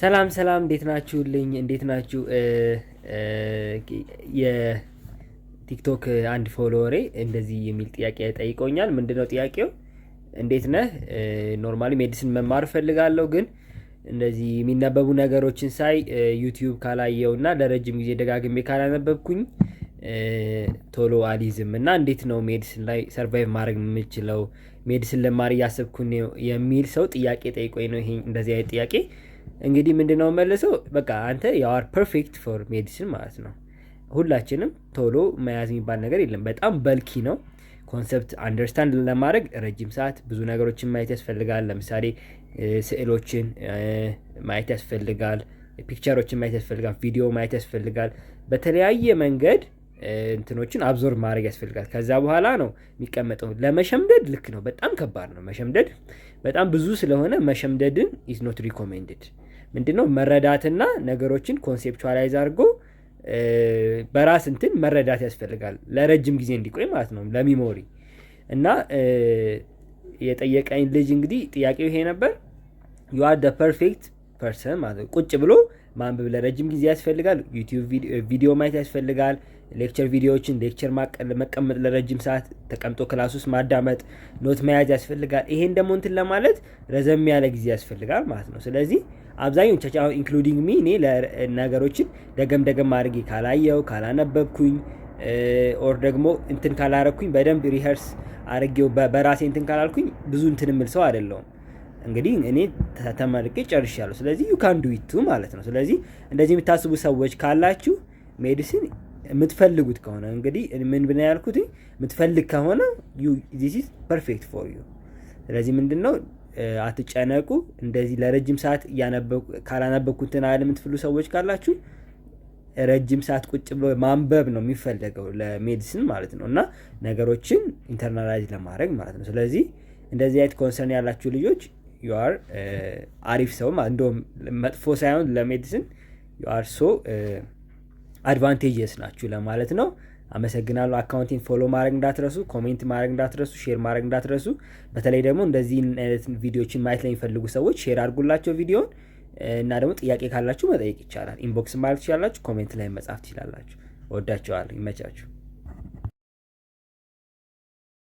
ሰላም ሰላም፣ እንዴት ናችሁልኝ? እንዴት ናችሁ? የቲክቶክ አንድ ፎሎወሬ እንደዚህ የሚል ጥያቄ ጠይቆኛል። ምንድነው ጥያቄው? እንዴት ነህ? ኖርማሊ ሜዲሲን መማር እፈልጋለሁ፣ ግን እንደዚህ የሚነበቡ ነገሮችን ሳይ ዩቲዩብ ካላየው እና ለረጅም ጊዜ ደጋግሜ ካላነበብኩኝ ቶሎ አሊዝም እና እንዴት ነው ሜዲሲን ላይ ሰርቫይቭ ማድረግ የምችለው ሜዲሲን ለማድረግ እያሰብኩ የሚል ሰው ጥያቄ ጠይቆኝ ነው ይሄ እንደዚህ አይነት ጥያቄ እንግዲህ ምንድነው መልሰው በቃ አንተ የአር ፐርፌክት ፎር ሜዲሲን ማለት ነው። ሁላችንም ቶሎ መያዝ የሚባል ነገር የለም። በጣም በልኪ ነው ኮንሰፕት አንደርስታንድ ለማድረግ ረጅም ሰዓት ብዙ ነገሮችን ማየት ያስፈልጋል። ለምሳሌ ስዕሎችን ማየት ያስፈልጋል፣ ፒክቸሮችን ማየት ያስፈልጋል፣ ቪዲዮ ማየት ያስፈልጋል። በተለያየ መንገድ እንትኖችን አብዞር ማድረግ ያስፈልጋል። ከዛ በኋላ ነው የሚቀመጠው። ለመሸምደድ ልክ ነው፣ በጣም ከባድ ነው መሸምደድ። በጣም ብዙ ስለሆነ መሸምደድን ኢዝ ኖት ሪኮሜንድድ ምንድነው መረዳትና ነገሮችን ኮንሴፕቹዋላይዝ አድርጎ በራስ እንትን መረዳት ያስፈልጋል ለረጅም ጊዜ እንዲቆይ ማለት ነው ለሚሞሪ እና የጠየቀኝ ልጅ እንግዲህ ጥያቄው ይሄ ነበር ዩ አር ፐርፌክት ፐርሰን ማለት ነው ቁጭ ብሎ ማንበብ ለረጅም ጊዜ ያስፈልጋል። ዩቲዩብ ቪዲዮ ማየት ያስፈልጋል። ሌክቸር ቪዲዮዎችን ሌክቸር መቀመጥ ለረጅም ሰዓት ተቀምጦ ክላስ ውስጥ ማዳመጥ፣ ኖት መያዝ ያስፈልጋል። ይሄን ደግሞ እንትን ለማለት ረዘም ያለ ጊዜ ያስፈልጋል ማለት ነው። ስለዚህ አብዛኞቻችን አሁን ኢንክሉዲንግ ሚ እኔ ነገሮችን ደገም ደገም አድርጌ ካላየው ካላነበብኩኝ ኦር ደግሞ እንትን ካላረግኩኝ በደንብ ሪኸርስ አድርጌው በራሴ እንትን ካላልኩኝ ብዙ እንትን ምል ሰው አይደለውም። እንግዲህ እኔ ተመርቄ ጨርሻለሁ። ስለዚህ ዩ ካን ዱ ኢቱ ማለት ነው። ስለዚህ እንደዚህ የምታስቡ ሰዎች ካላችሁ ሜዲሲን የምትፈልጉት ከሆነ እንግዲህ ምን ብን ያልኩት የምትፈልግ ከሆነ ዚስ ኢዝ ፐርፌክት ፎር ዩ። ስለዚህ ምንድን ነው አትጨነቁ። እንደዚህ ለረጅም ሰዓት ካላነበብኩትን አለ የምትፍሉ ሰዎች ካላችሁ ረጅም ሰዓት ቁጭ ብሎ ማንበብ ነው የሚፈለገው ለሜዲሲን ማለት ነው እና ነገሮችን ኢንተርናላይዝ ለማድረግ ማለት ነው። ስለዚህ እንደዚህ አይነት ኮንሰርን ያላችሁ ልጆች ዩ uh, አሪፍ ሰውም እንደውም መጥፎ ሳይሆን ለሜዲሲን ዩ ሶ አድቫንቴጀስ ናችሁ ለማለት ነው። አመሰግናለሁ። አካውንቲን ፎሎ ማድረግ እንዳትረሱ፣ ኮሜንት ማድረግ እንዳትረሱ፣ ሼር ማድረግ እንዳትረሱ። በተለይ ደግሞ እንደዚህ አይነት ቪዲዮችን ማየት ለሚፈልጉ ሰዎች ሼር አድርጉላቸው ቪዲዮን እና ደግሞ ጥያቄ ካላችሁ መጠየቅ ይቻላል። ኢንቦክስ ማለት ትችላላችሁ፣ ኮሜንት ላይ መጻፍ ትችላላችሁ። ወዳቸዋል ይመቻችሁ።